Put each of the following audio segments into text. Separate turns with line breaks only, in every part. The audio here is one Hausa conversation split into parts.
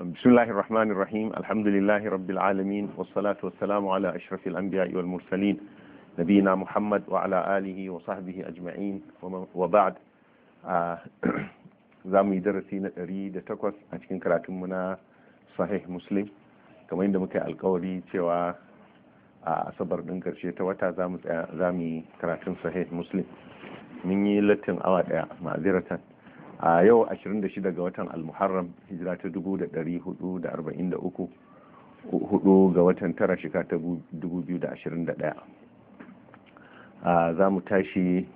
بسم الله الرحمن الرحيم الحمد لله رب العالمين والصلاة والسلام على أشرف الأنبياء والمرسلين نبينا محمد وعلى آله وصحبه أجمعين وبعد darasi na ɗari da takwas a cikin karatunmu na sahih muslim kamar yadda muka yi alkawari cewa a asabar ɗin karshe ta wata karatun sahih muslim lattin awa ɗaya a yau 26 ga watan almuharram hijira ta 443 hudu ga watan tara shika ta 2021 za mu tashi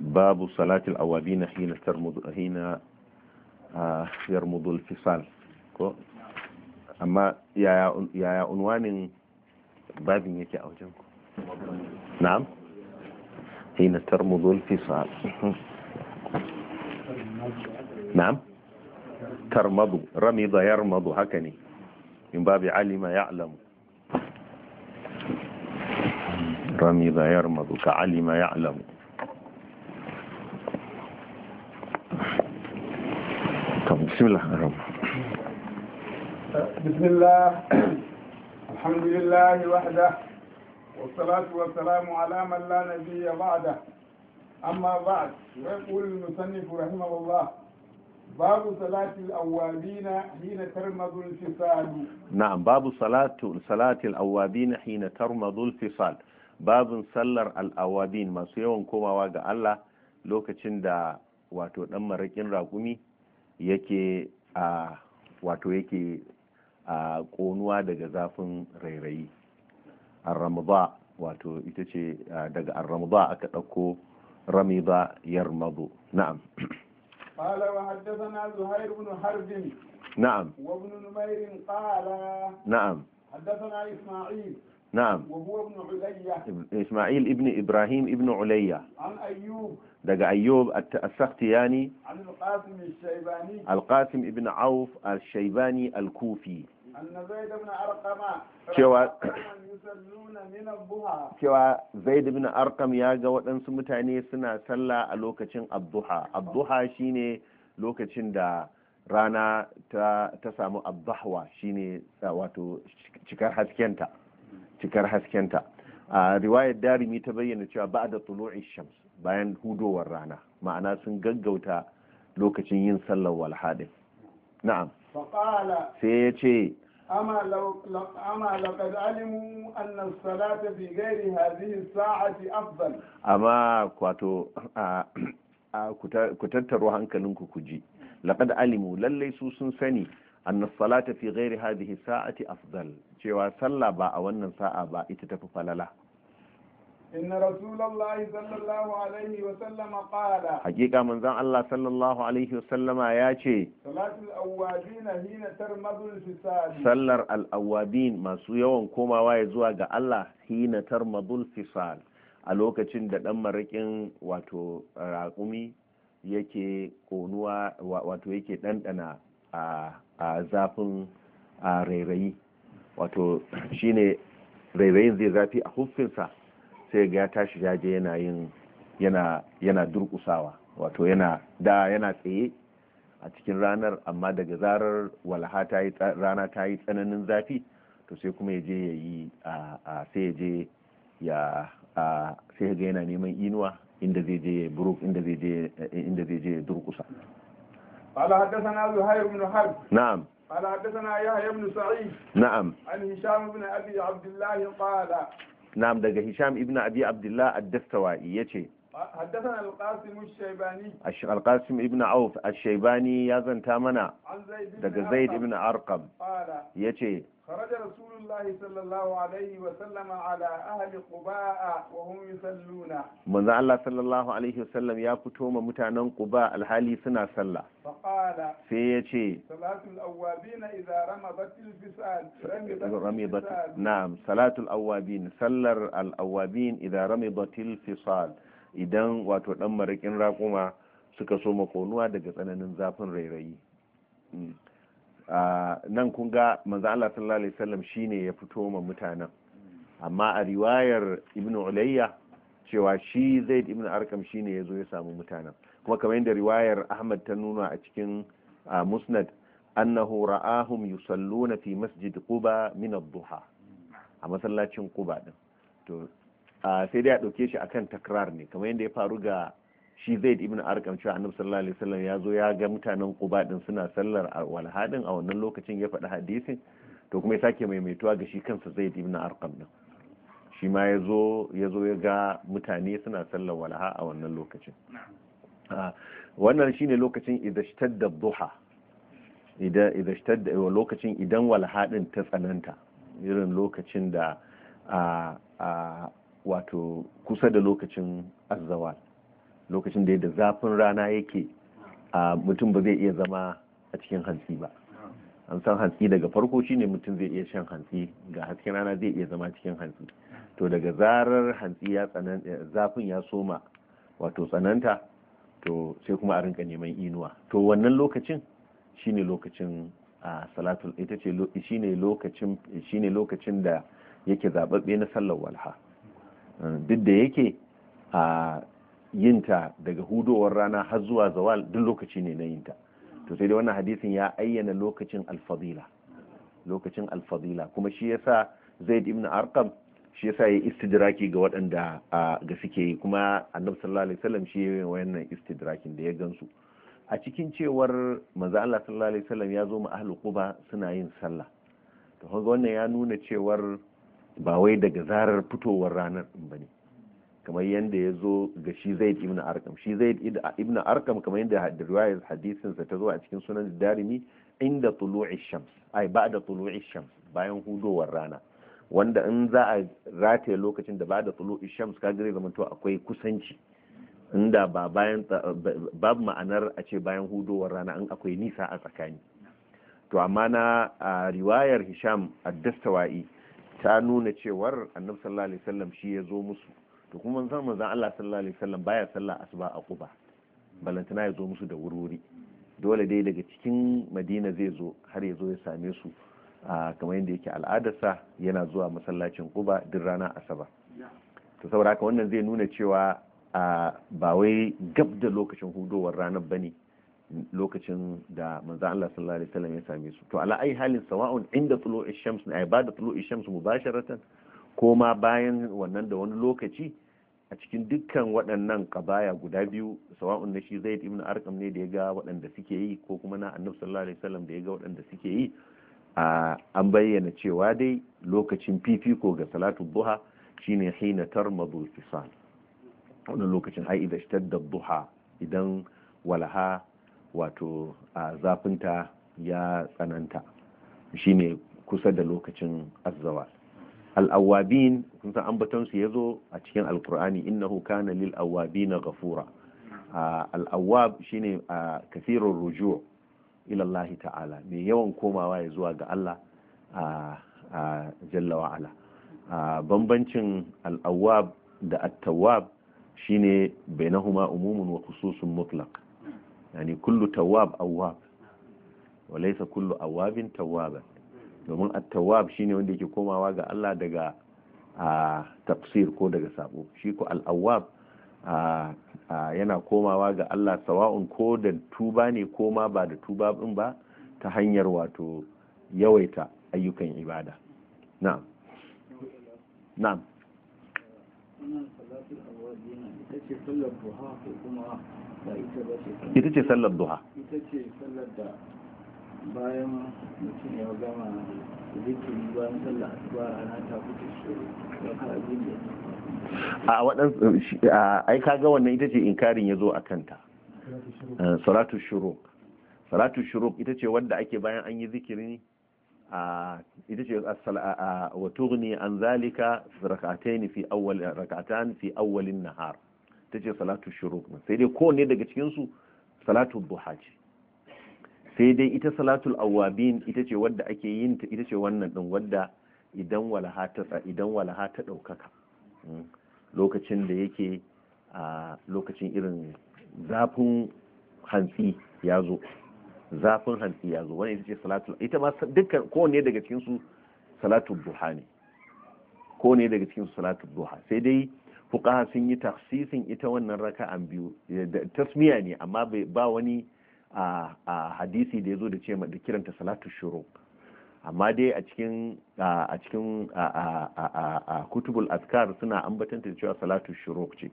babu salatul awabi na hina yarmudul fisal ko amma yaya unwanin babin yake a wajen ku na'am حين ترمض الفصال نعم ترمض رمض يرمض هكني من باب علم يعلم رمض يرمض كعلم يعلم بسم الله الرحمن
بسم الله الحمد لله وحده والصلاة والسلام على من لا نبي بعده أما بعد يقول المصنف رحمه الله باب صلاة الأوابين حين ترمض الفصال
نعم باب صلاة صلاة الأوابين حين ترمض الفصال باب صلر الأوابين ما سيوان كما واقع الله lokacin da wato ɗan maraƙin raƙumi yake a wato yake a ƙonuwa daga zafin rairayi ar-ramadha wato ita ce daga ar-ramadha aka dauko ramidha yarmadu na'am
qala na'am na'am isma'il na'am
isma'il ibn ibrahim ibn ulayya
an ayyub
daga ayyub as-sakhtiyani
an al
ibn auf al-shaybani al-kufi cewa cewa zaid bin arqam ya ga waɗansu mutane suna sallah a lokacin abduha abduha shine lokacin da rana ta, ta samu shi shine wato cikar haskenta cikar haskenta a riwayar darimi ta bayyana cewa ba da tulu'i shams bayan hudowar rana ma'ana sun gaggauta lokacin yin sallar walhadin na'am
sai
ya ce amma kwato a ku tattaro hankalinku ku ji laƙad alimu lallai su sun sani annas salata fi gairi hadhihi sa'ati afdal cewa sallah ba a wannan sa'a ba ita tafi falala
إن رسول الله صلى الله عليه وسلم قال حقيقة
من ذا الله صلى الله عليه وسلم ياتي
صلاة الأوابين حين ترمض الفساد صلى
الأوابين ما zuwa كما Allah الله حين ترمض الفساد a lokacin da ɗan maraƙin wato raƙumi yake ƙonuwa wato yake ɗanɗana a zafin rairayi wato shine rairayin zai zafi a huffinsa sai ga ya tashi jaje yana yin yana yana durkusawa wato yana da yana tsaye a cikin ranar amma daga zarar walaha ta yi rana ta yi tsananin zafi to sai kuma ya je ya yi a sai ya je ya sai ga yana neman inuwa inda zai je ya buruk inda zai je inda zai je ya durkusa
قال حدثنا زهير بن حرب نعم قال حدثنا يحيى بن سعيد نعم عن هشام بن ابي عبد الله
na'am daga hisham ibn abi abdullah ad-dastawai yace
حدثنا القاسم الشيباني
القاسم ابن عوف الشيباني يزن تامنا
دق زيد ابن
أرقم يتي
خرج رسول الله صلى الله عليه وسلم على أهل قباء وهم يصلون
من الله صلى الله عليه وسلم يا فتوم متعنان قباء الحالي سنة صلى فقال سيتي
صلاة الأوابين إذا رمضت الفساد رمضت
نعم صلاة الأوابين سلر الأوابين إذا رمضت الفساد idan wato dan marikin raƙuma suka so makonuwa daga tsananin zafin rairayi nan kun ga manzo Allah sallallahu alaihi wasallam shine ya fito ma mutanen amma a riwayar ibnu ulayya cewa shi zaid ibnu arkam shine ya zo ya samu mutanen kuma kamar yadda riwayar ahmad ta nuna a cikin musnad annahu ra'ahum yusalluna fi masjid quba min ad-duha a masallacin quba din to sai dai a dauke shi akan takrar ne kamar yadda ya faru ga shi zai ibn arkam cewa annabi sallallahu alaihi wasallam ya zo ya ga mutanen quba din suna sallar walha a wannan lokacin ya faɗi hadisin to kuma ya sake maimaituwa ga shi kansa zai ibn arkam din shi ma ya zo ya zo ya ga mutane suna sallar walha a wannan lokacin ah, wannan shine lokacin idashtadda duha idan idashtadda eh, lokacin idan walha din ta tsananta irin lokacin da a ah, ah, wato kusa da lokacin azzawal lokacin da yadda zafin rana yake a mutum ba zai iya zama a cikin hantsi ba an san hantsi daga farko shine mutum zai iya shan hantsi ga hasken rana zai iya zama cikin hantsi to daga zarar hantsi ya tsanan eh, zafin ya soma wato tsananta to sai kuma a rinka neman inuwa to wannan lokacin shine lokacin a salatul ita ce shine lokacin lokacin da yake zababbe na sallar walha duk da yake a yinta daga hudowar rana har zuwa zawal duk lokaci ne na yinta to sai dai wannan hadisin ya ayyana lokacin alfadila lokacin alfadila kuma shi yasa zaid ibn arqam shi yasa ya istidraki ga waɗanda ga suke yi kuma annabi sallallahu alaihi wasallam shi yayin wannan istidrakin da ya gansu a cikin cewar manzo Allah sallallahu alaihi wasallam ya zo mu ahli quba suna yin sallah to kaga wannan ya nuna cewar ba wai daga zarar fitowar ranar bane kamar yadda ya zo ga shi zaid ibn arkam shi zaid ibn arkam kamar yadda da riwayar hadisin sa ta zo a cikin sunan darimi inda tulu'i shams ai ba'da tulu'i shams bayan hudowar rana wanda in za a rataye lokacin da ba'da tulu'i shams ka gare zaman to akwai kusanci inda ba bayan babu ma'anar a ce bayan hudowar rana in akwai nisa a tsakani to amma na riwayar hisham ad-dastawa'i ta nuna cewar annabi sallallahu alaihi wasallam shi ya zo musu to kuma san manzon Allah sallallahu alaihi wasallam baya sallah asuba a Quba balantana ya zo musu da wurwuri dole dai daga cikin Madina zai zo har ya zo ya same su kamar yadda yake al'adarsa yana zuwa masallacin Quba duk rana Asaba to saboda haka wannan zai nuna cewa ba wai gab da lokacin hudowar ranar bane lokacin da manzon Allah sallallahu alaihi wasallam ya same su to ala ai halin sawa'un inda tulu'i shams na ibada tulu'i shams mubasharatan ko ma bayan wannan da wani lokaci a cikin dukkan waɗannan kabaya guda biyu sawa'un na shi zaid ibn arkam ne da ya ga waɗanda suke yi ko kuma na annabi sallallahu alaihi wasallam da ya ga waɗanda suke yi a an bayyana cewa dai lokacin fifiko ga salatu duha shine hina tarmadu fisal wannan lokacin ai idan shtadda duha idan walaha wato zafinta ya tsananta shine kusa da lokacin azzawal al'awabin kun san ambatonsu ya zo a cikin alkur'ani innahu kana lil awabina ghafura al'awab shine kasirun ruju ilallahi ta'ala mai yawan komawa ya zuwa ga Allah a jalla wa'ala bambancin al'awab da attawab shine bainahuma umumun wa khususun mutlaq yani kullu tawab awwab wa laysa kullu awabin tawaban domin attawab shi shine wanda yake komawa ga Allah daga a tafsir ko daga sabo shi ko al yana komawa ga Allah sawa'un ko da tuba ne ko ma ba da tuba in ba ta hanyar wato yawaita ayyukan ibada na'am na'am ita ce sallar duha bayan mutum ya gama zikiri bayan sallah asuba rana ta fito shi ya fara jin a waɗansu ai kaga wannan ita ce inkarin ya zo a kanta eh, salatu shuruk salatu shuruk ita ce wanda ake bayan an yi zikiri ita ce wa tughni an zalika rak'atayn fi awwal rak'atan fi awwalin nahar ita ce salatu shuruk sai dai ko ne daga cikin su salatu duha ce sai dai ita salatul awabin ita ce wadda ake yin ta ita ce wannan din wadda idan walaha ta idan walaha ta daukaka hmm. lokacin da yake a lokacin irin zafin hantsi ya zo zafin hantsi ya zo wani ita ce salatul ita ma dukkan ne daga cikin su salatul duha ne ko ne daga cikin su salatul duha sai dai fuqaha sun yi tafsisin ita wannan raka'an biyu tasmiya ne amma ba wani a hadisi da ya zo da ce da kiranta salatu shuru amma dai a cikin a cikin a kutubul askar suna ambatanta da cewa salatu shuru ce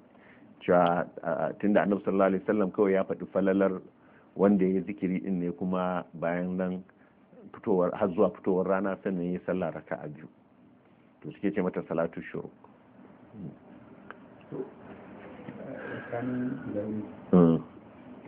cewa tunda annabi sallallahu alaihi wasallam kawai ya faɗi falalar wanda ya zikiri in ne kuma bayan nan fitowar har zuwa fitowar rana sannan ya sallah a biyu to suke ce mata salatu shuru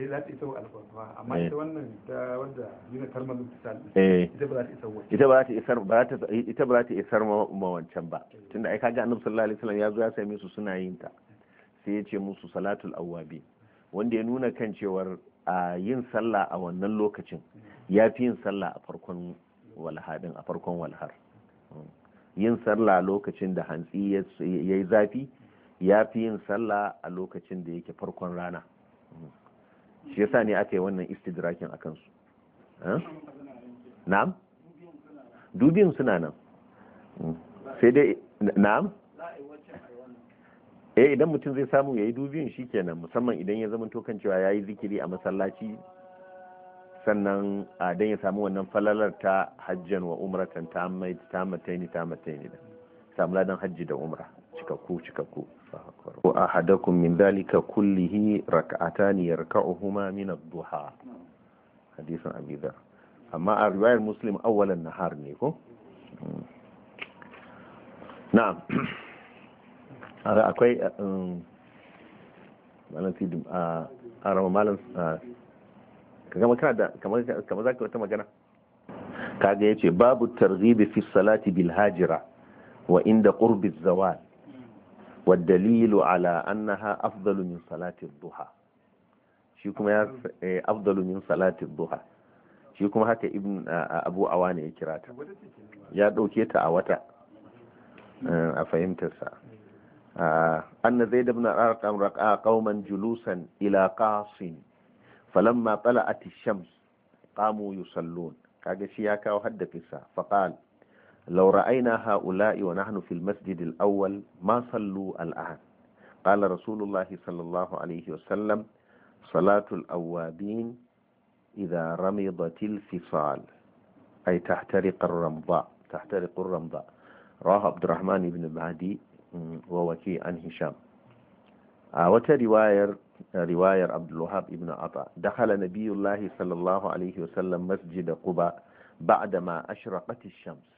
sai za ta isa wa alfarma amma eh. ita wannan ta wanda yuna tarmal misal ita ba za ta
isar ba ta ita ba za ta isar ma wancan ba eh. tunda ai kaga annabi sallallahu alaihi wasallam ya zo ya same su suna yin ta sai ya ce musu salatul awwabi wanda ya nuna kan cewar a yin sallah a wannan lokacin eh. ya fi yin sallah a farkon walhadin a farkon walhar hmm. yin sallah lokacin da hantsi ya yi zafi ya fi yin sallah a lokacin da yake farkon rana hmm. shi yasa ne aka yi wannan istidrakin a kansu eh? na'am dubin suna nan hmm. sai dai na'am eh idan mutum zai samu ya yayi dubin shikenan musamman idan ya zama tokan cewa yi zikiri a masallaci sannan a dan ya samu wannan falalar ta hajjan wa umratan ta mai ta mataini ta mataini da samu ladan hajji da umra cikakku cikakku wa ahadakum min dhalika min ad-duha hadisin abi a riwayar muslim awwalan nahar ne ko hmm. na'am akwai uh, um, malam uh, a rama malam uh, kamar kana da kamar za ka wata magana kaga yace babu targhibi fi salati bil hajira wa inda qurbi zawal waddalilu ala annaha afdalu min salati duha shi duha shi kuma haka ibn abu awana ya kira ta ya ɗauke ta a wata.A a fahimtarsa anna zaid ibn arqam raqa julusan ila qasin falamma tala'at ash-shams qamu yusallun kaga shi ya kawo hadda kisa faqala لو رأينا هؤلاء ونحن في المسجد الأول ما صلوا الآن قال رسول الله صلى الله عليه وسلم صلاة الأوابين إذا رمضت الفصال أي تحترق الرمضاء تحترق الرمضاء راه عبد الرحمن بن المهدي ووكي عن هشام آه رواية رواية عبد الوهاب بن عطاء دخل نبي الله صلى الله عليه وسلم مسجد قباء بعدما أشرقت الشمس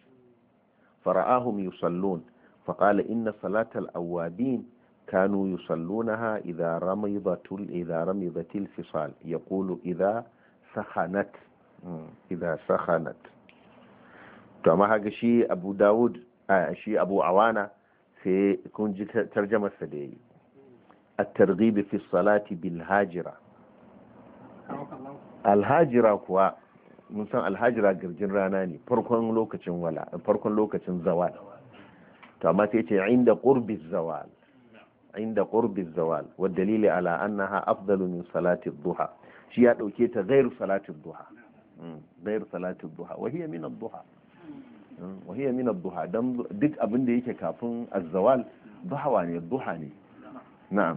فرآهم يصلون فقال إن صلاة الأوابين كانوا يصلونها إذا رمضت إذا رمضت الفصال يقول إذا سخنت إذا سخنت كما هذا شيء أبو داود آه شيء أبو عوانة في كنج ترجمة سدي الترغيب في الصلاة بالهاجرة الهاجرة كوا mun san alhajira girgin rana ne farkon lokacin wala farkon lokacin zawal to amma sai ce inda qurbi zawal inda qurbi zawal wa dalili ala annaha afdalu min salati duha shi ya dauke ta ghairu salati duha hmm, ghairu salati duha wa hiya min ad-duha wa hiya min ad-duha hmm, duk abin da yake kafin az-zawal duha ne duha ne na'am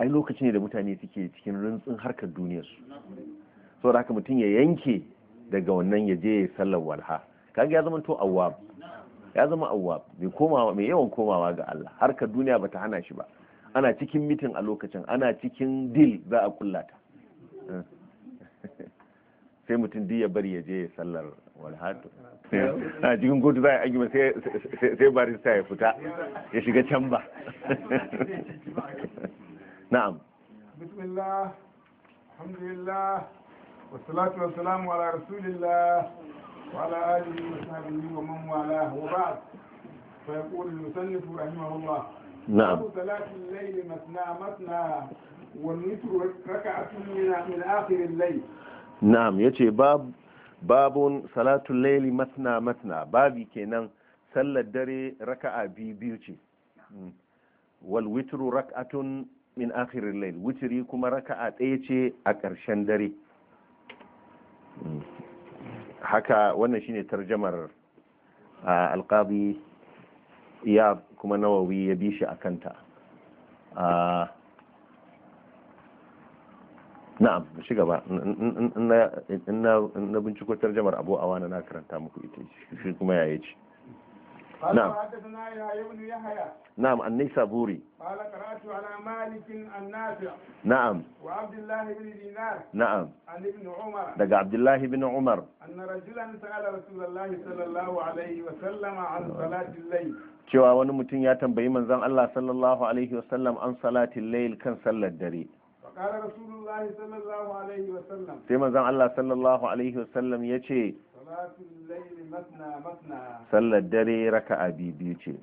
ai lokaci ne da mutane suke cikin rintsin harkar duniyarsu saboda haka mutum ya yanke daga wannan ya je ya sallar walha kaga ya zama to awwab ya zama awwab mai komawa mai yawan komawa ga Allah harkar duniya bata hana shi ba ana cikin mitin a lokacin ana cikin dil za a kullata sai mutum duk ya bari ya je sallar walhatu a cikin kotu za a yi sai barista ya fita ya shiga can ba na'am
bismillah alhamdulillah wasalatu wasalamu ala rasulillah wa ala alihi wa sahbihi wa man wala wa ba'd fa yaqul al-musannif rahimahullah na'am salati al-layl matna matna wal witr rak'atun min akhir al-layl
na'am yace bab babun salatul layli matna matna babi kenan sallar dare raka'a biyu biyu ce hmm. wal witru rak'atun min akhirin lail wutiri kuma raka'a ɗaya ce a karshen dare haka wannan shine tarjamar alqabi ya kuma nawawi ya bi shi a kanta na'am shi gaba in na binciko tarjamar abu awana na karanta muku ita shi kuma yaya ce نعم
حدثنا يا ابن يحيى
نعم النيسابوري
قال قرات على
cewa wani mutum ya tambayi manzon Allah sallallahu an salatin layl kan sallar dare
faqala rasulullahi sallallahu alaihi sai
manzon Allah sallallahu alaihi wasallam yace salatin sallar dare raka'a biyu ce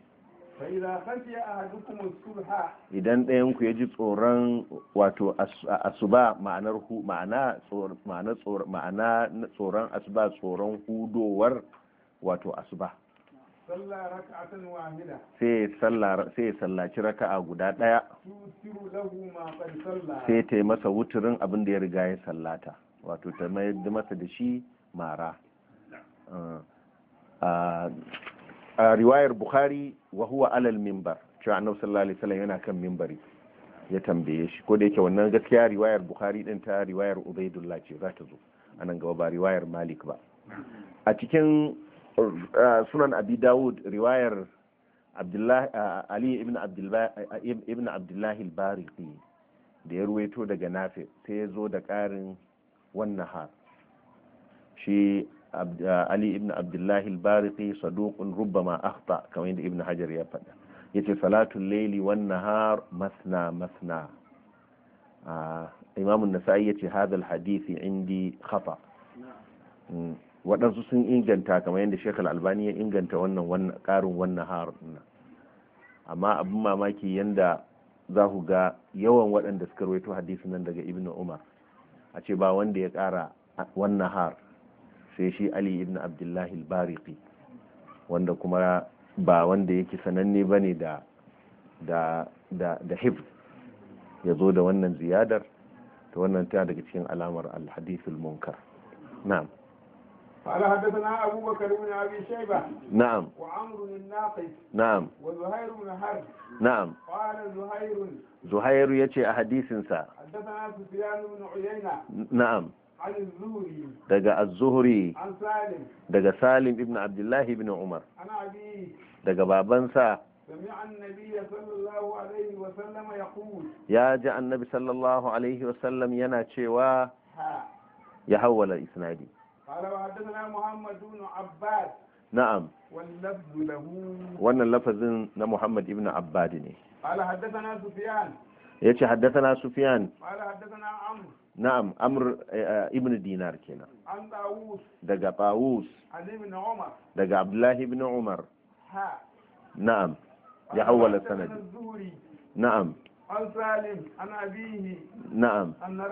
idan ɗayan ku ya ji tsoron wato asuba ma'anar ma'ana tsoron asuba tsoron hudowar wato asuba sai ya sallaci a guda ɗaya sai ta yi masa wuturin abin da ya riga ya sallata wato ta mai masa da shi mara a riwayar bukhari wa huwa alal mimbar cewa annabi sallallahu alaihi wasallam yana kan mimbari ya tambaye shi ko da yake wannan gaskiya riwayar bukhari din ta riwayar ubaidullah ce za ta zo anan gaba ba riwayar malik ba a cikin sunan abi dawud riwayar ali ibn abdullahi al-bariqi da ya ruwaito daga nafi sai ya zo da ƙarin wannan har shi Uh, ali ibn abdullahi al-bariqi saduqun rubbama akhta kamar yadda ibn hajar ya faɗa yace salatul layli wan nahar masna masna uh, imam an-nasa'i yace hadha al-hadith indi khata mm, waɗansu sun inganta kamar yadda Sheikh albani ya inganta wannan wannan ƙarin wannan har amma abin mamaki yanda za ku ga yawan waɗanda suka rawaito hadisi nan daga Ibn Umar a ce ba wanda ya ƙara wannan har sai shi ali ibn abdullahi al-bariqi wanda kuma ba wanda yake sananne ba ne da da da da hifz ya zo da wannan ziyadar ta wannan tana daga cikin alamar al-hadith al-munkar na'am
قال حدثنا أبو بكر بن أبي شيبة نعم وعمر الناقد نعم وزهير بن حرب نعم قال زهير
زهير يتي أحاديث حدثنا
سفيان بن عيينة
نعم daga az-zuhri daga salim ibn abdullahi ibn umar daga babansa ya ji annabi sallallahu alaihi wasallam yana cewa ya hawwala isnadi na'am wannan lafazin na muhammad ibn abbad ne ya ce haddasa na sufiyan na'am amr eh, eh, ibn dinar kenan
an dawus
daga bawus daga abdullahi ibn umar na'am ya hawala sanad na'am
na'am anna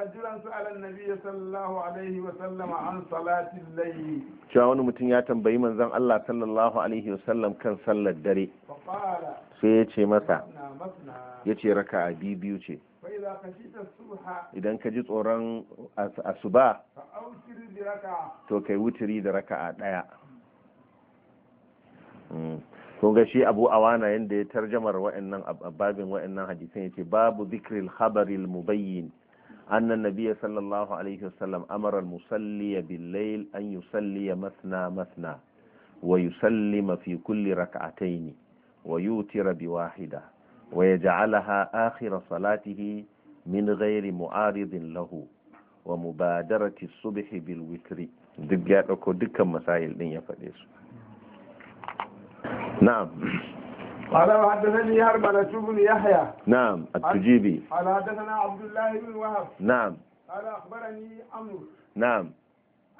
wani mutum ya tambayi manzon Allah sallallahu alayhi wa sallam kan sallar dare sai ya ce masa yace biyu ce idan ka ji tsoron asuba to kai wuturi da raka'a daya ko ga shi abu awana yadda ya tarjamar wa'annan babin wa'annan hadisin yace babu zikril khabaril mubayyin anna nabiyya sallallahu alaihi wasallam amara musalli bil layl an yusalli masna masna wa yusallima fi kulli rak'atayn wa yutira bi wahida ويجعلها آخر صلاته من غير معارض له ومبادرة الصبح بالوتر دقاتك دكا مسائل دين يفديس نعم
قال وحدثني هرملة بن يحيى
نعم التجيبي
قال حدثنا عبد الله بن وهب نعم قال أخبرني عمرو نعم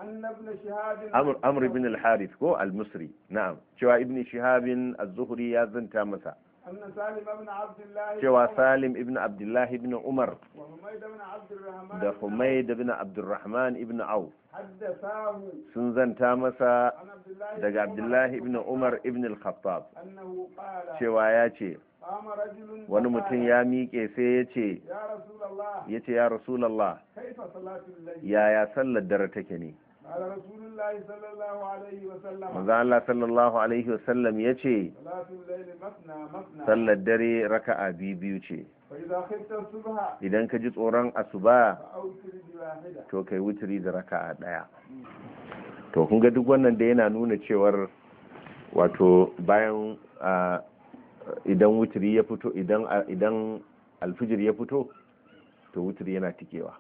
أن ابن شهاب عمرو عمرو بن
الحارث هو المصري نعم شو ابن شهاب الزهري يا زنتا مسا
cewa salim
ibn Abdullahi ibn umar
da humaid
ibn abdurrahman ibn au sun zanta masa
daga Abdullahi ibn
umar ibn al-khattab cewa ya ce
wani mutum ya
miƙe sai ya ce ya ce ya rasulallah yaya sallar dare take ne maza Allah sallallahu alaihi wasallam ya ce sallar dare raka raka'a biyu ce idan ka ji tsoron asuba to kai wuturi da raka a daya to kun ga duk wannan da yana nuna cewar wato bayan idan wuturi ya fito idan alfijir ya fito to wuturi yana tikewa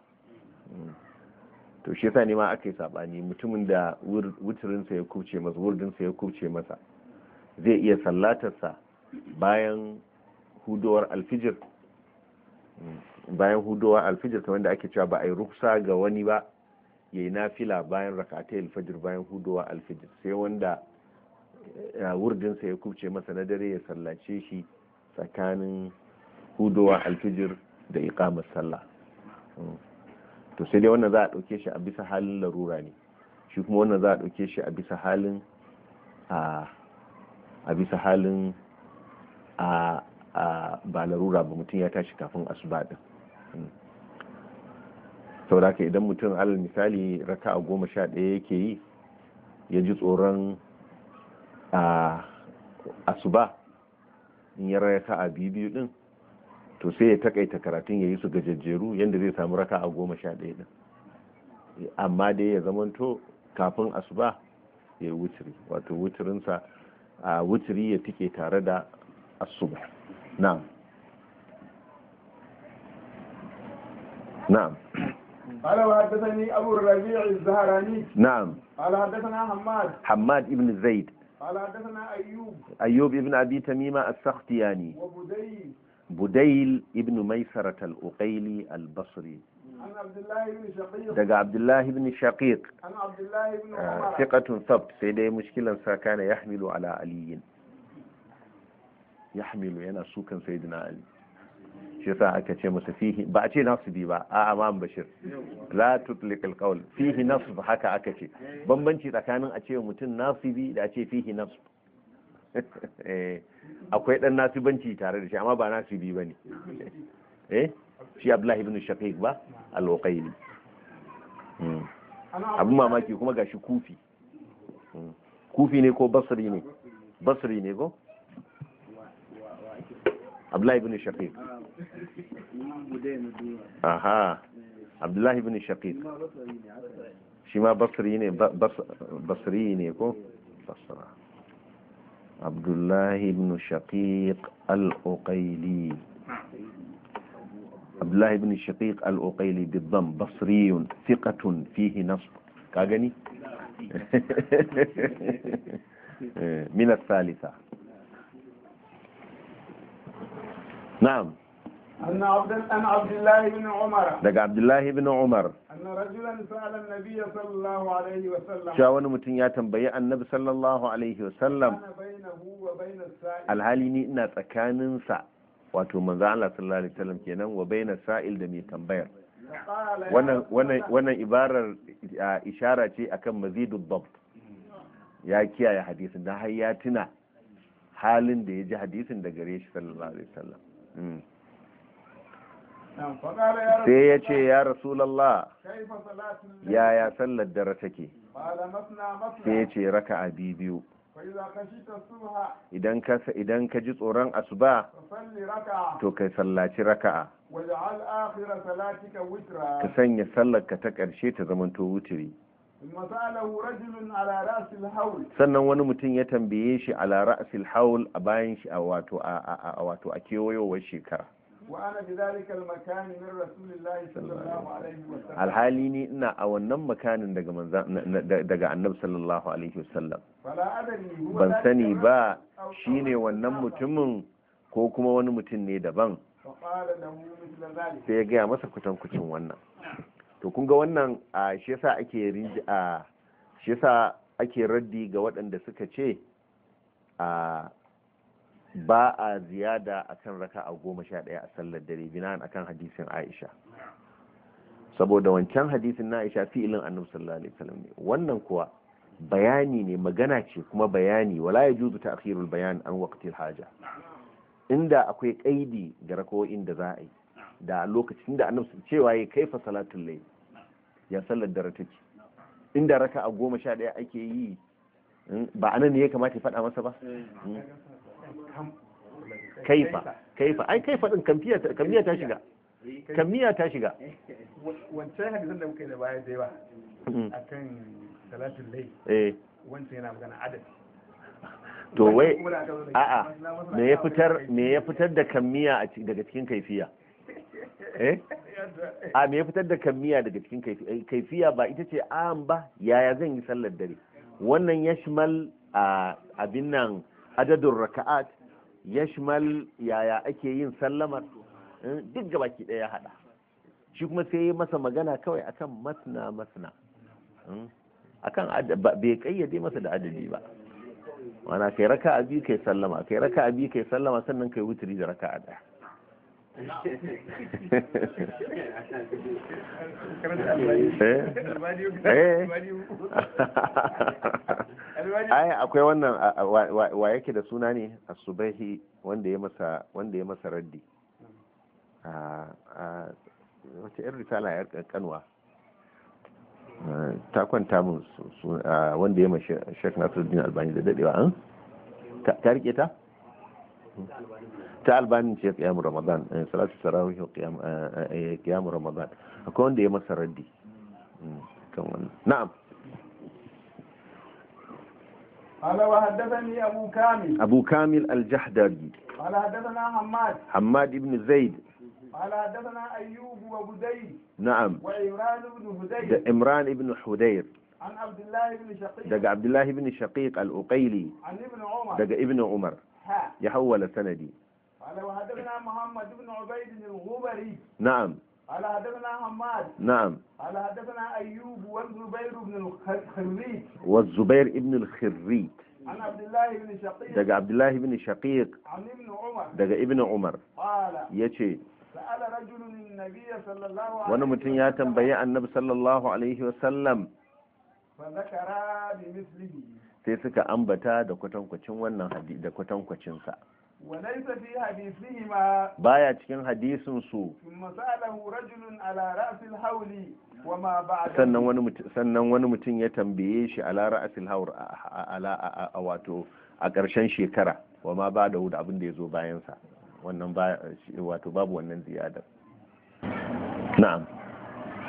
to shi yasa ne ma aka yi sabani mutumin da wuturinsa ya kubce masa wurdinsa ya kubce masa zai iya sallatarsa bayan hudowar alfijir hmm. bayan hudowar alfijir ta wanda ake cewa ba a yi ruksa ga wani ba ya yi nafila bayan rakatai alfajir bayan hudowar alfijir sai wanda eh, wurdinsa ya kuce masa na dare ya sallace shi tsakanin hudowar alfijir da iqamar sallah hmm. to sai dai wannan za a ɗauke shi a bisa halin larura ne shi kuma wannan za a ɗauke shi a bisa halin a bisa halin a ba larura ba mutum ya tashi kafin asuba din hmm. saboda idan mutum alal misali raka a goma sha ɗaya yake yi ya ji tsoron asuba in ya raka a biyu biyu din to sai ya takaita karatun ya yi su gajejjeru yadda zai samu raka a goma sha ɗaya ɗin amma dai ya zamanto kafin asuba ya yi wuturi wato wuturinsa a wuturi ya tike tare da asuba na'am na'am
قال وحدثني ابو الربيع الزهراني نعم قال حدثنا حماد
حماد ابن زيد
قال حدثنا ايوب
ايوب ابن ابي تميمه السختياني
وبديل
budail ibn maisarat al-uqaili al-basri daga abdullahi ibn shaqiq
fiƙatun ah, sabt
sai dai mushkilan sa kana yahmilu ala aliyin yahmilu yana sukan sayyidina ali shi sa aka ce masa fihi ba a ce nasbi ba a amam bashir la tutlik alqawl fihi nasb haka aka ce bambanci tsakanin a ce mutum nasibi da a ce fihi nasb Eh, akwai dan nasibanci tare da shi amma ba nasibi ba ne eh shi abdullahi ibn shafiq ba al-waqaili hmm. Abu mamaki kuma gashi kufi hmm. kufi ne ko basri ne basri ne ko abdullahi ibn shafiq aha abdullahi ibn shafiq shi ma basri ne basri ne ko basra عبد الله بن شقيق الأقيلي عبد الله بن شقيق الأقيلي بالضم بصري ثقة فيه نصب كاغني من الثالثة نعم daga abdullahi bin umar cewa wani mutum ya tambayi annabi sallallahu alaihi wasallam alhali ni ina tsakaninsa wato manzo Allah sallallahu alaihi wasallam kenan wa baina sa'il da mai tambayar
wannan
ibarar ishara ce akan mazidul dabt ya kiyaye hadisin dan har ya tuna halin da ya ji hadisin da gare shi sallallahu alaihi wasallam
sai ya ce
ya rasulallah yaya sallar dare take sai ya ce raka a biyu idan ka idan ka ji tsoron asuba to kai sallaci raka'a ka sanya sallar ka ta ƙarshe ta zamanto wuturi sannan wani mutum ya tambaye shi ala ra'sil haul a bayan shi a wato a wato a kewayowar shekara alhalini ina a wannan makanin daga annab sallallahu alaihi wasallam
ban sani ba shi ne
wannan mutumin ko kuma wani mutum ne daban sai ya gaya masa kuton kucin wannan to kun ga wannan a shesa ake a shesa ake raddi ga waɗanda suka ce a ba a ziyada a akan raka a goma sha ɗaya a sallar dare a kan hadisin aisha saboda wancan hadisin na aisha fi'ilin annabi sallallahu alaihi wasallam ne wannan kuwa bayani ne magana ce kuma bayani wala yajuzu akhirul bayan an waqtil haja inda akwai kaidi ga rako'in da za a yi da lokacin da annabi cewa ya kaifa salatul layl ya sallar dare take inda raka a goma sha ɗaya ake yi hmm, ba anan ne ya kamata ya faɗa masa ba hmm. kaifa kaifa ai kaifa din kamfiya ta shiga kammiya ta shiga
wancan hadisan da muke da baya da yawa mm-hmm. akan salatul layl eh. wancan yana magana adadi to wai a a me ya fitar me ya
fitar da kammiya daga cikin kaifiya
eh a me
ya fitar da kammiya daga cikin kaifiya eh, kaifiya ba ita ce an ba yaya zan yi sallar dare wannan ya shimal a ah, abin nan adadin raka'at yashmal yaya ake yin sallamar eh, duk gabaki ɗaya ya haɗa shi kuma sai masa magana kawai akan masna masna hmm? akan bai kayyade masa da adadi ba mana kai raka a biyu kai sallama kai raka a biyu kai sallama sannan kai wuturi da raka a ɗaya
eh eh ai
akwai wannan wa yake da suna ne subahi wanda ya masa wanda ya masa raddi a wata yar risala yar kankanwa ta kwanta mun wanda ya mashi Sheikh Nasiruddin Albani da dadewa an ta rike ta ta albani ce kiyamu ramadan eh, salatu tarawih kiyamu eh, eh, ramadan akwai wanda ya masa raddi hmm, kan wannan na'am
قال وحدثني أبو كامل أبو
كامل الجحدري
قال حدثنا حماد
حماد بن زيد
قال حدثنا أيوب زيد نعم وعمران بن حدير عمران
بن حدير
عن عبد الله بن شقيق دق
عبد الله بن شقيق الأقيلي
عن ابن عمر دق ابن
عمر يحول سندي
قال وحدثنا محمد بن عبيد الغبري نعم قال حدثنا حماد نعم قال حدثنا أيوب والزبير بن الخريج
والزبير بن الخريج
عن عبد الله بن شقيق دقى
عبد الله بن شقيق
عن ابن عمر دقى ابن عمر قال يتي سأل رجل النبي صلى الله عليه وسلم ونمتن يا تنبيا
النبي صلى الله عليه وسلم
فذكر بمثله
sai suka ambata da kwatankwacin wannan hadisi da kwatankwacinsa
وليس في حديثهما
بايا cikin hadisin su
masalahu rajulun ala ra'sil hawli wama ba'da sannan
wani sannan wani mutum ya tambaye shi ala ra'sil hawr ala a ƙarshen shekara wama ba'da da abin da yazo bayan sa wannan wato babu wannan ziyada na'am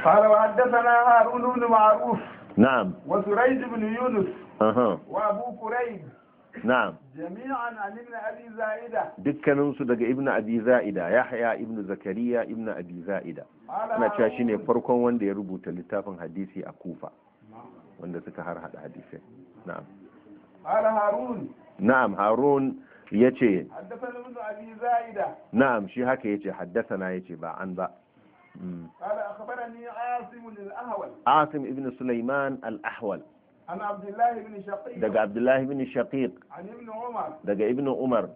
قال وحدثنا هارون بن معروف نعم وسريج بن يونس وابو كريب na'am jami'an an ibn abi za'ida
dukkanin daga ibn abi za'ida yahya ibn zakariya ibn abi za'ida
ana cewa shine
farkon wanda ya rubuta littafin hadisi a kufa wanda suka har hada hadisai na'am
ala harun
na'am harun yace
haddathana ibn abi za'ida
na'am shi haka yace haddathana yace ba an ba
قال أخبرني عاصم الأهول
عاصم ابن سليمان الأحول daga abdullahi bin shaqiq daga ibn umar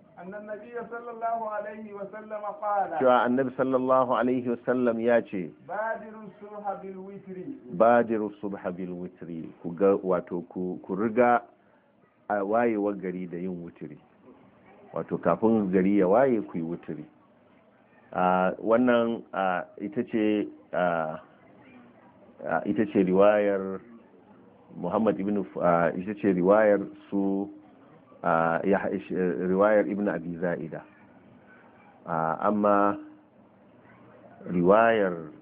cewa annabi sallallahu alaihi wasallam ya ce badiru subha bil witri ku ga wato ku riga a wayewar gari da yin wutiri wato kafin gari ya waye ku yi wutiri wannan ita ce riwayar muhammad ibn uh, ita ce riwayar su uh, uh, riwayar ibn abi za'ida amma riwayar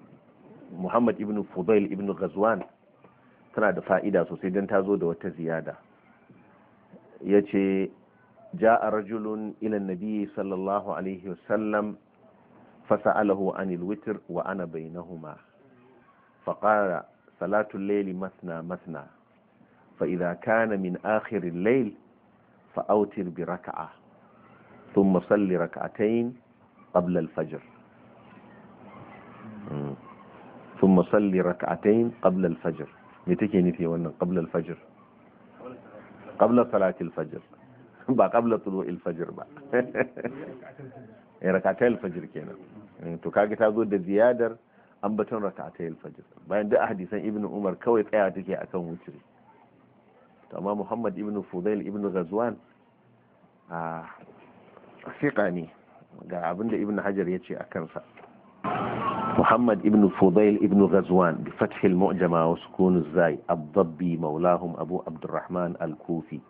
muhammad ibn fudail ibn ghazwan tana da fa'ida sosai don ta zo da wata ziyada ya ce a rajulun ilan nabi sallallahu alaihi wasallam alahu anil witr wa ana bainahuma faƙara salatul layli masna masna فإذا كان من آخر الليل فأوتر بركعة ثم صلي ركعتين قبل الفجر ثم صلي ركعتين قبل الفجر متكيني في قبل الفجر قبل صلاة الفجر با قبل طلوع الفجر با إيه، ركعتين الفجر كينا إيه، تو كاكي تاغو دا زيادر أمبتن ركعتين الفجر باين دا أحدي ابن عمر كويت آياتك يا أكون amma muhammad ibn fudail ibn gazwan a fiƙa ne ga abinda ibn hajar ya ce a kansa muhammad ibn fudail ibn gazwan bi fathil mu'jama wa sukunu zai abdabbi maulahum abu abdurrahman al-kufi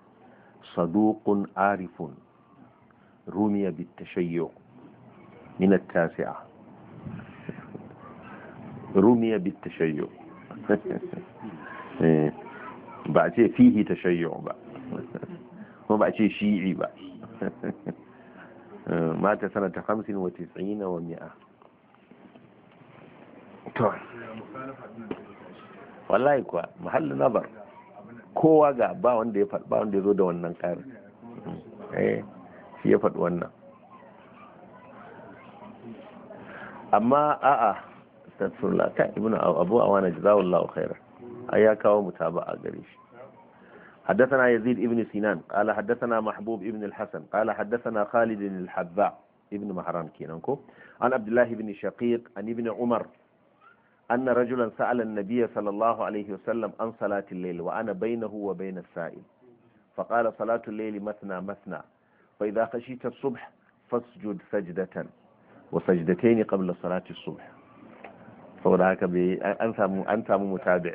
saduqun arifun rumiya bi tashayyu min at-tasi'a rumiya bi tashayyu eh. ba a ce fihi shayyo ba ko ba a ce shi'i ba mata sanata hamsin wata tsayi wa mi'a to wallahi kuwa mahallin nabar kowa ga ba wanda ya faɗi ba wanda ya zo da wannan ƙari eh ya faɗi wannan amma a'a tafsirla ta ibina abuwa wani jizawun khairan أي كاو متابعة قريش حدثنا يزيد ابن سنان قال حدثنا محبوب ابن الحسن قال حدثنا خالد الحذاء ابن مهران كينانكو عن عبد الله بن شقيق عن ابن عمر أن رجلا سأل النبي صلى الله عليه وسلم عن صلاة الليل وأنا بينه وبين السائل فقال صلاة الليل مثنى مثنى فإذا خشيت الصبح فاسجد سجدة وسجدتين قبل صلاة الصبح فوراك أنت متابع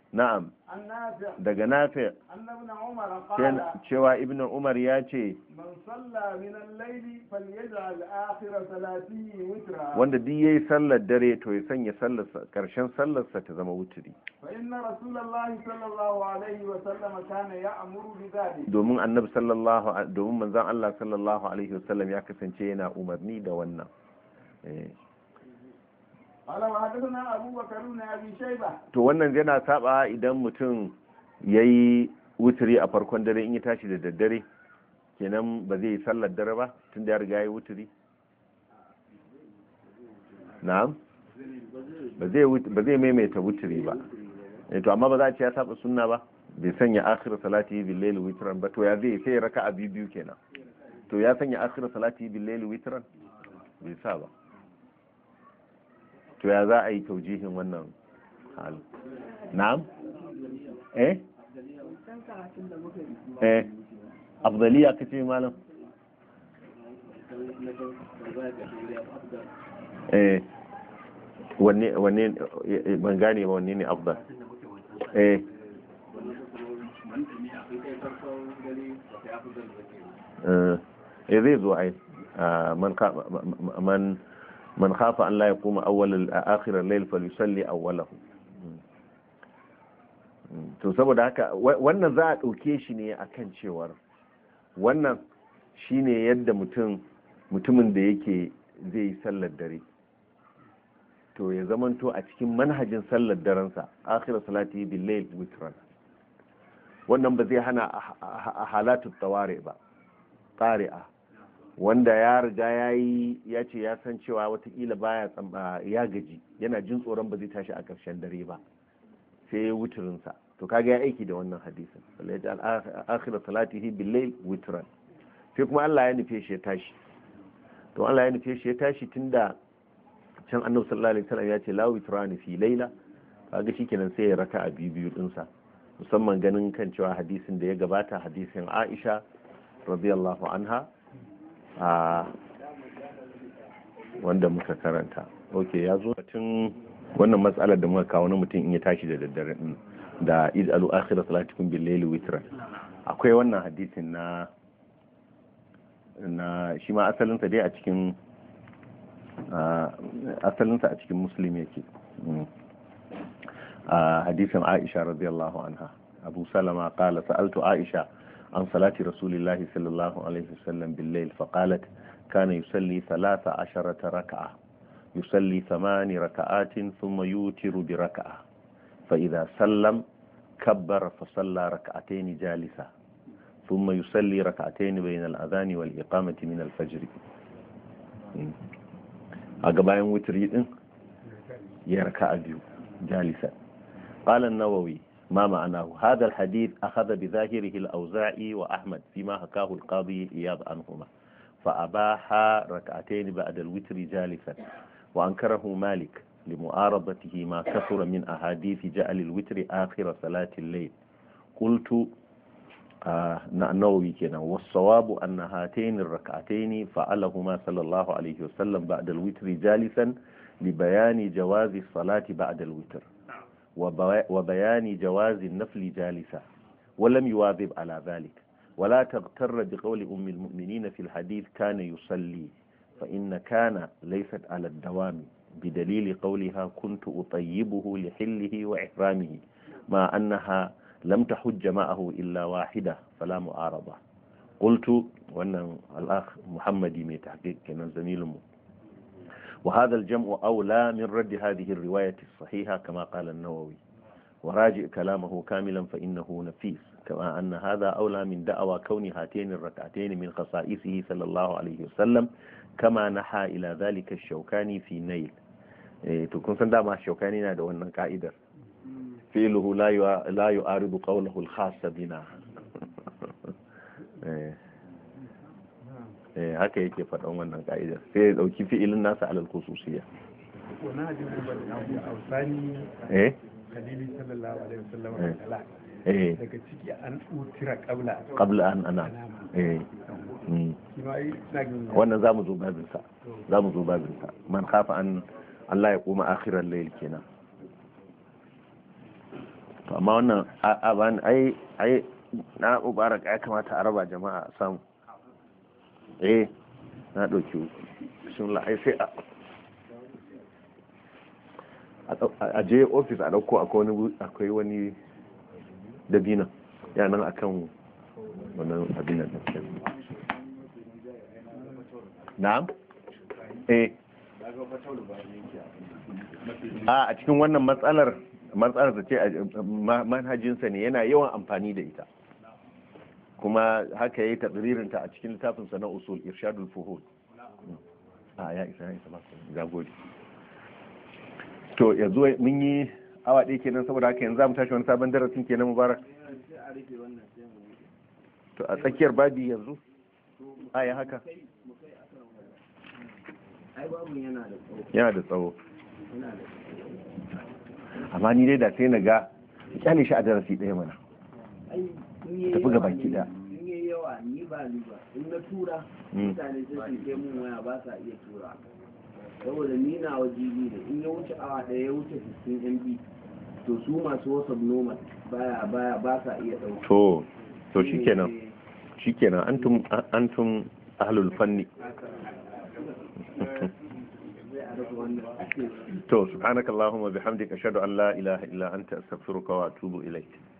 na'am daga nafi cewa ibn umar ya ce wanda duk ya yi sallar dare to ya sanya karshen sallarsa ta zama wuturi domin annabi sallallahu domin manzan allah sallallahu alaihi wasallam ya kasance yana umarni da wannan eh. to wannan yana saba idan mutum ya yi wuturi a farkon dare in ya tashi da daddare kenan ba zai yi sallar dare ba tun da ya riga ya yi wuturi na'am ba zai maimaita wuturi ba eh, to amma ba za a ce ya saba sunna ba bai sanya akhir salati bil layl witran ba to ya zai sai raka'a biyu kenan to ya sanya akhir salati bil layl witran bai sa ba to ya za a yi taujihin wannan hal na'am eh eh afdaliya kace malam eh wanne wanne eh, ban gane ba wanne ne afdal eh. eh eh zai zo ai ah, man من خاف an لا يقوم awwal al الليل al-layl to saboda haka wannan za a ɗauke shi ne akan cewar wannan shine yadda mutumin da yake zai yi sallar dare to ya zamanto a cikin manhajin sallar darensa akhir salati bil layl witran wannan ba zai hana halatu tawari ba qari'a wanda ya riga ya yi ya ce ya san cewa watakila baya ya gaji yana jin tsoron ba zai tashi a ƙarshen dare ba sai ya wuturinsa to kaga ya aiki da wannan hadisin alaihi akhira salatihi lai witran sai kuma Allah ya nufe shi ya tashi to Allah ya nufe shi ya tashi tunda can annabi sallallahu alaihi wasallam ya ce la witrani fi layla kaga shikenan sai ya raka a biyu din musamman ganin kan cewa hadisin da ya gabata hadisin Aisha radiyallahu anha a wanda muka karanta ok ya zo tun wannan matsalar da muka kawo na mutum in ya tashi da daddare din da id alu akhira salatikun bil witra akwai wannan hadisin na na shi ma asalinsa dai a cikin asalinsa a cikin musulmi yake mm. a hadisin aisha radiyallahu anha abu salama kala sa'altu aisha عن صلاة رسول الله صلى الله عليه وسلم بالليل فقالت كان يصلي ثلاث عشرة ركعة يصلي ثمان ركعات ثم يوتر بركعة فإذا سلم كبر فصلى ركعتين جالسة ثم يصلي ركعتين بين الأذان والإقامة من الفجر أقبائن وتريد يركع بيو جالسة قال النووي ما معناه هذا الحديث أخذ بظاهره الأوزاعي وأحمد فيما حكاه القاضي إياب عنهما فأباح ركعتين بعد الوتر جالسا وأنكره مالك لمعارضته ما كثر من أحاديث جعل الوتر آخر صلاة الليل قلت آه، نعنوي كنا والصواب أن هاتين الركعتين فعلهما صلى الله عليه وسلم بعد الوتر جالسا لبيان جواز الصلاة بعد الوتر وبيان جواز النفل جالسة ولم يواظب على ذلك ولا تغتر بقول أم المؤمنين في الحديث كان يصلي فإن كان ليست على الدوام بدليل قولها كنت أطيبه لحله وإحرامه مع أنها لم تحج معه إلا واحدة فلا معارضة قلت وأن الأخ محمدي من تحقيق كان زميل وهذا الجمع أولى من رد هذه الرواية الصحيحة كما قال النووي وراجع كلامه كاملا فإنه نفيس كما أن هذا أولى من دعوى كون هاتين الركعتين من خصائصه صلى الله عليه وسلم كما نحى إلى ذلك الشوكاني في نيل إيه، تكون سندا مع الشوكاني نادى وأن قائدر فيله لا يعارض قوله الخاص بنا إيه. Eh, haka yake faɗan wannan ka'idar sai ya ɗauki fi'ilin nasa alal khususiyya eh? Eh. eh daga ciki an utira kabla kabla an ana hmm. wannan za mu zo babinsa za mu zo babinsa man kafa an Allah ya koma akhirar layil kenan to amma wannan ai ai na mubarak ya kamata a raba jama'a samu eh na ɗauki bismillah ai sai a je ofis a ɗauko akwai wani dabina nan akan wannan abinan ɗin na'am eh a a cikin wannan matsalar matsalar da ce manhajinsa ne yana yawan amfani da ita kuma haka yayi taqririnta a cikin littafinsa sa na usul irshadul fuhul a ah, ya isa ya isa ga gode to yanzu mun yi awa ɗaya kenan saboda haka yanzu mu tashi wani sabon darasin kenan mubarak to a tsakiyar babi yanzu a ah, ya haka yana da tsawo amma ni dai da sai na ga kyale shi a darasi ɗaya mana tafi ga baki da ni ba ni ba in na tura hmm. mutane sai su kai waya ba sa iya tura saboda ni na waje ne in ya wuce awa daya ya wuce 15 mb to su masu whatsapp normal baya baya ba sa iya dauka to to shikenan shikenan antum antum ahlul fanni to subhanakallahumma bihamdika ashhadu an la ilaha illa anta astaghfiruka wa atubu ilayk